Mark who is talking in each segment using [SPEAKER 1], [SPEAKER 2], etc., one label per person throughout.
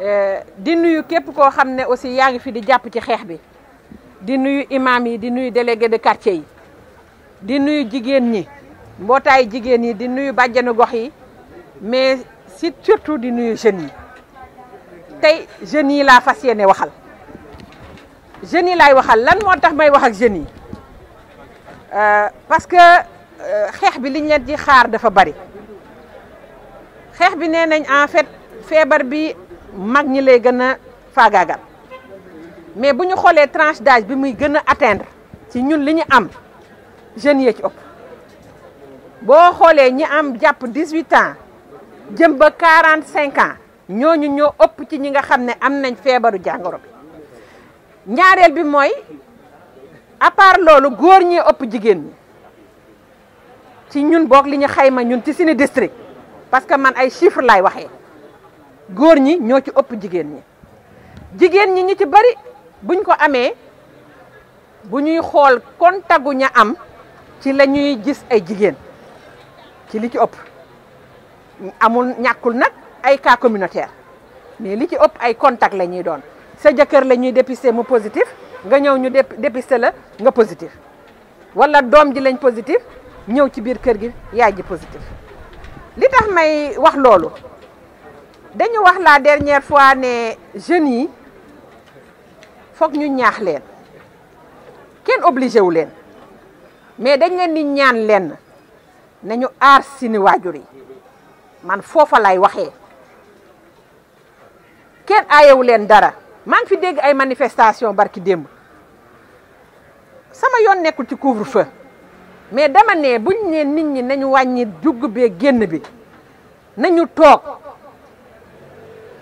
[SPEAKER 1] Eh, di nuyu képp koo xam ne aussi yaa ngi fi di jàpp ci xeex bi di nuyu imam yi di nuyu délégué de quartier yi di nuyu jigéen ñi mbootaayu jigéen yi di nuyu bàjjanu gox yi mais si surtout di nuyu jeunes yi tey jeunes yi laa fas yéene waxal jeunes yi laay waxal lan moo tax may wax ak jeunes yi eh, parce que eh, xeex bi liñ leen ci xaar dafa bari xeex bi nee nañ en fait feebar bi mag ñi lay gën a faagaagal mais bu ñu xoolee tranche bi muy gën a atteindre ci ñun li ñu am jeunes yee ci ëpp boo xoolee ñi am jàpp dix-huit ans jëm ba quarante cinq ans ñu ñoo ëpp ci ñi nga xam ne am nañ feebaru jàngoro bi ñaareel bi mooy à loolu góor ñi ëpp jigéen ñi ci ñun boog li ñu xayma ñun ci suñu district parce que man ay chiffres laay waxee góor ñi ñoo ci ëpp jigéen ñi jigéen ñi ñi ci bari buñ ko amee bu ñuy xool kontagu ña am ci la ñuy gis ay jigéen ci li ci ëpp amul ñàkkul nag ay cas communautaire mais li ci ëpp ay contact la ñuy doon sa jëkkër la ñuy dépister mu positif nga ñëw ñu dépister la nga positif walla doom ji lañ positif ñëw ci biir kër gi yaay ji positif li tax may wax loolu dañu wax la dernière fois ne jeunes yi foog ñu ñaax leen kenn obligé wu leen mais dañ leen di ñaan leen nañu aar sini waajur yi man foofa lay waxee kenn aayewu leen dara maa ngi fi dégg ay manifestation barki démb sama yoon nekkul ci couvre-feu mais dama ne buñ ne nit ñi nañu wàññi jugg bee génn bi nañu toog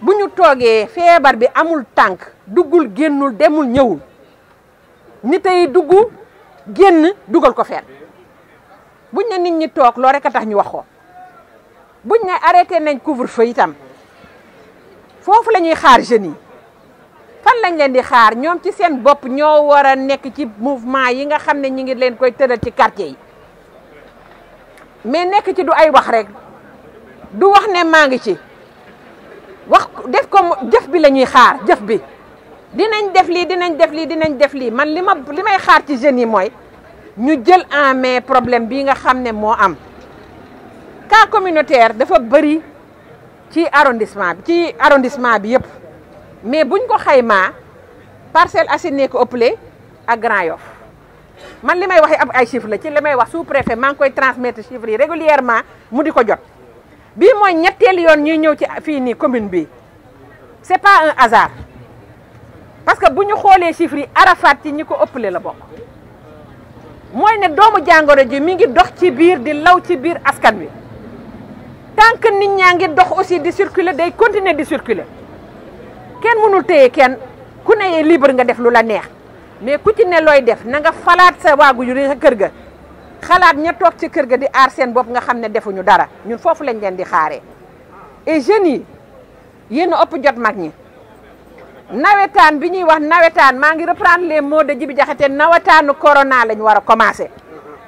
[SPEAKER 1] bu ñu toogee feebar bi amul tànk duggul génnul demul ñëwul nit ay dugg génn dugal ko fenn buñ ne nit ñi toog loo rek a tax ñu wax ko buñ ne arrêté nañ couvre-feu itam foofu la ñuy xaar jeunes yi fan lañ leen di xaar ñoom ci seen bopp ñoo war a nekk ci mouvement yi nga xam ne ñi ngi leen koy tëral ci quartier yi mais nekk ci du ay wax rek du wax ne maa ngi ci wax def ko jëf bi la ñuy xaar jëf bi dinañ def lii dinañ def lii dinañ def lii man li ma li may xaar ci jeunes yi mooy ñu jël en main problème bii nga xam ne moo am cas communautaire dafa bëri ci arrondissement bi ci arrondissement bi yëpp mais buñ ko xaymaa Parcelles Assainies ko ëppale ak Grand Yoff man li may waxee ab ay chiffres la ci li may wax sous préfet maa ngi koy transmettre chiffres yi régulièrement mu di ko jot bii mooy ñetteelu yoon ñuy ñëw ci fii nii commune bi c'est pas un hasard parce que bu ñu xoolee chiffres yi Arafat ci ñi ko ëppale la bokk mooy ne doomu jàngoro ji mi ngi dox ci biir di law ci biir askan wi tant que nit ñaa ngi dox aussi di circuler day continuer di circuler kenn mënul téye kenn ku ne libre nga def lu la neex mais ku ci ne looy def na nga falaat sa waagu yu sa kër ga xalaat ña toog ci kër ga di aar seen bopp nga xam ne defuñu dara ñun foofu lañ leen di xaare e jeunes yi yéen ëpp jot mag ñi nawetaan bi ñuy wax nawetaan maa ngi reprendre les mots de Djibi Diakhaté nawetaanu corona lañ war a commencé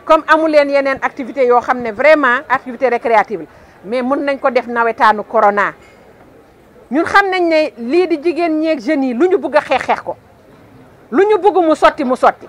[SPEAKER 1] comme amu leen yeneen activité yoo xam ne vraiment activité récréative la mais mun nañ ko def nawetaanu corona ñun xam nañ ne lii di jigéen ñeeg jeunes yi lu ñu bëgg a xeex xeex ko lu ñu bëgg mu sotti mu sotti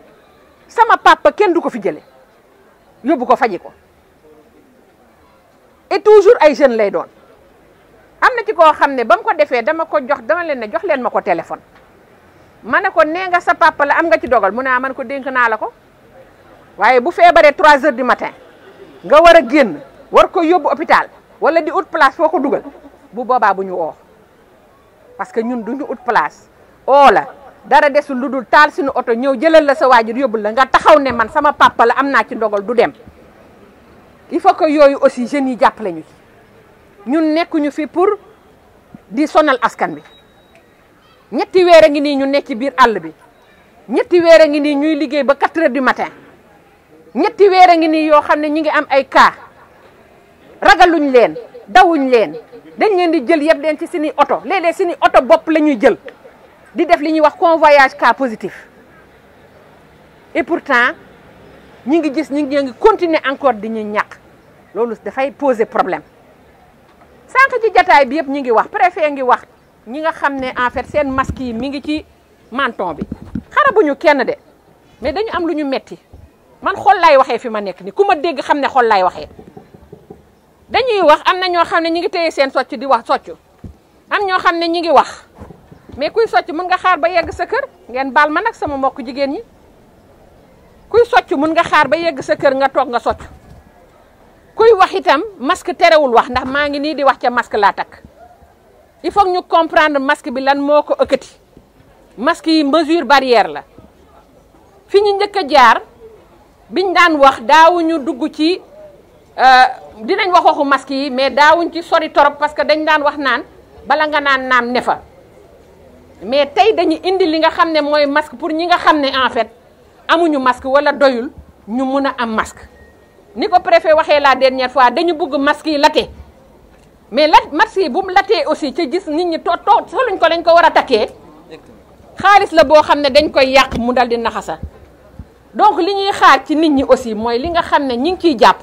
[SPEAKER 1] sama papa kenn fi yobou ko faji ko et toujours ay jeunes lay doon amna ci ne ko dama ko jox dama lenne, jox ma téléphone ma ko né nga sa papa la am nga ci dogal ah, man ko denk na la ko trois heures du matin nga war ko hôpital wala di out place foko bu boba buñu a parce que ñun duñu place dara desu luddul tal sinu suñu oto ñëw jëlal la sa wajur yobul la nga taxaw ne man sama papa la am ci ndogal du dem il faut que yoyu aussi jeunes yi japp lañu ci ñun nekkuñu fi pour di sonal askan bi ñetti weer ngi ni ñu nekk ci biir all bi ñetti weer ngi ni ñuy liggéey ba 4 h du matin ñetti weer ngi ni yo xamne ñi ngi am ay ragalun ragaluñ leen dawuñ leen dañ leen di jël yeb leen ci sini lele lélé sini auto bop lañuy jël di def li ñuy wax voyage cas positif et pourtant ñi ngi gis ñi ngi continuer encore di ñu ñàkk loolu dafay poser problème sànq ci jataay bi yëpp ñi ngi wax préfet ngi wax ñi nga xam ne en seen masque yi mi ngi ci menton bi bu ñu kenn de mais dañu am lu ñu metti man xol laay waxee fi ma nekk nii ku ma dégg xam ne xol laay waxee dañuy wax am na ñoo xam ne ñi ngi téye seen socc di wax socc am ñoo xam ne ñi ngi wax mais kuy soccu mën nga xaar ba yegg sa kër ngeen bal ma nag sama mbokk jigéen ñi kuy soccu mën nga xaar ba yegg sa kër nga toog nga soccu kuy wax itam masque terewul wax ndax maa ngi nii di wax ca masque laa takk il faut ñu comprendre masque bi lan moo ko ëkkati masque yi mesure barrière la fi ñu njëkk a jaar biñ daan wax daawuñu dugg ci euh, dinañ wax waxu masque yi mais daawuñ ci sori torop parce que dañ daan wax naan bala nga naan naam nefa mais tay dañu indi li nga xamné moy masque pour ñi nga xamné en fait amuñu masque wala doyul ñu mëna am masque niko préfet waxé la dernière fois dañu bugg masque yi latte mais la masque yi bu mu aussi ci gis nit ñi to to soluñ ko lañ ko wara také takkee la bo xamné dañ koy yàq mu dal di donc li ñuy xaar ci nit ñi aussi moy li nga xamné ñi ngi ciy japp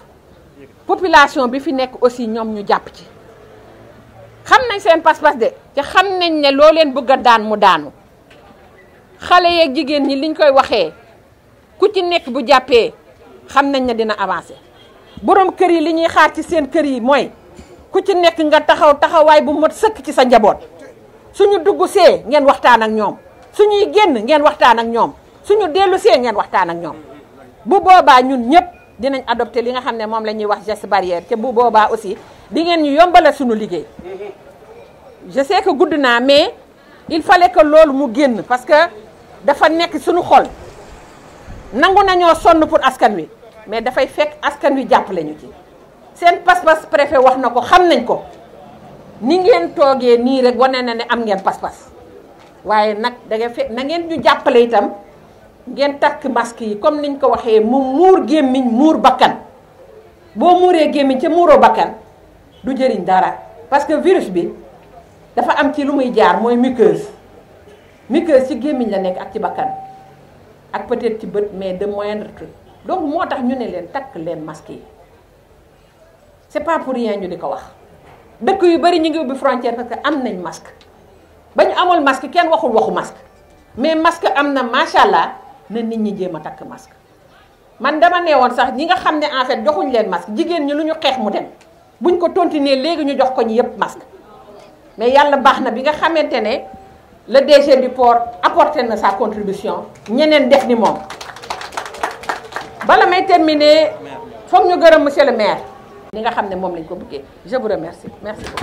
[SPEAKER 1] population bi fi nek aussi ñom ñu japp ci xam nañ seen passe de te xam nañ ne loo leen bëgg a daan mu daanu xale yeeg jigéen ñi liñ koy waxee ku ci nekk bu jàppee xam nañ ne dina avancé borom kër yi li ñuy xaar ci seen kër yi mooy ku ci nekk nga taxaw taxawaay bu mot sëkk ci sa njaboot suñu dugg see ngeen waxtaan ak ñoom suñuy génn ngeen waxtaan ak ñoom suñu dellu see ngeen waxtaan ak ñoom bu boobaa ñun ñëpp dinañ adopté li nga xam ne moom wax geste barrière te bu boobaa aussi di ngeen ñu yombalal suñu liggéey je sais que gudd mais il fallait que loolu mu génn parce que dafa nek suñu xol nangu naño sonn pour askan wi mais askan wi ci préfet na ko xam nañ ko ni rek na ne am ngeen pass pass waaye nak da ñu itam ngeen masque yi comme niñ ko waxé mu bakkan bo dara parce que virus bi dafa am ci lu muy jaar mooy muqueuse muqueuse ci gémmiñ la nekk ak ci bakkan ak peut-être ci bët mais de moindre truc donc moo tax ñu ne leen takk leen masque yi c'est pas pour ñu di ko wax dëkk yu bari ñu ngi ubbi frontière parce am nañ masque ba ñu amul masque kenn waxul waxu masque mais masque am na macha allah na nit ñi jéem a takk masque man dama nee woon sax ñi nga xam ne en fait joxuñ leen masque jigéen ñi lu ñu xeex mu dem buñ ko tontine léegi ñu jox koñ ñi yëpp masque mais yalla baxna bi nga xamantene le DG du port apporter na sa contribution ñeneen def ni mom bala may terminer foog ñu gërëm monsieur le maire li nga xam mom lañ ko bëggé je vous remercie merci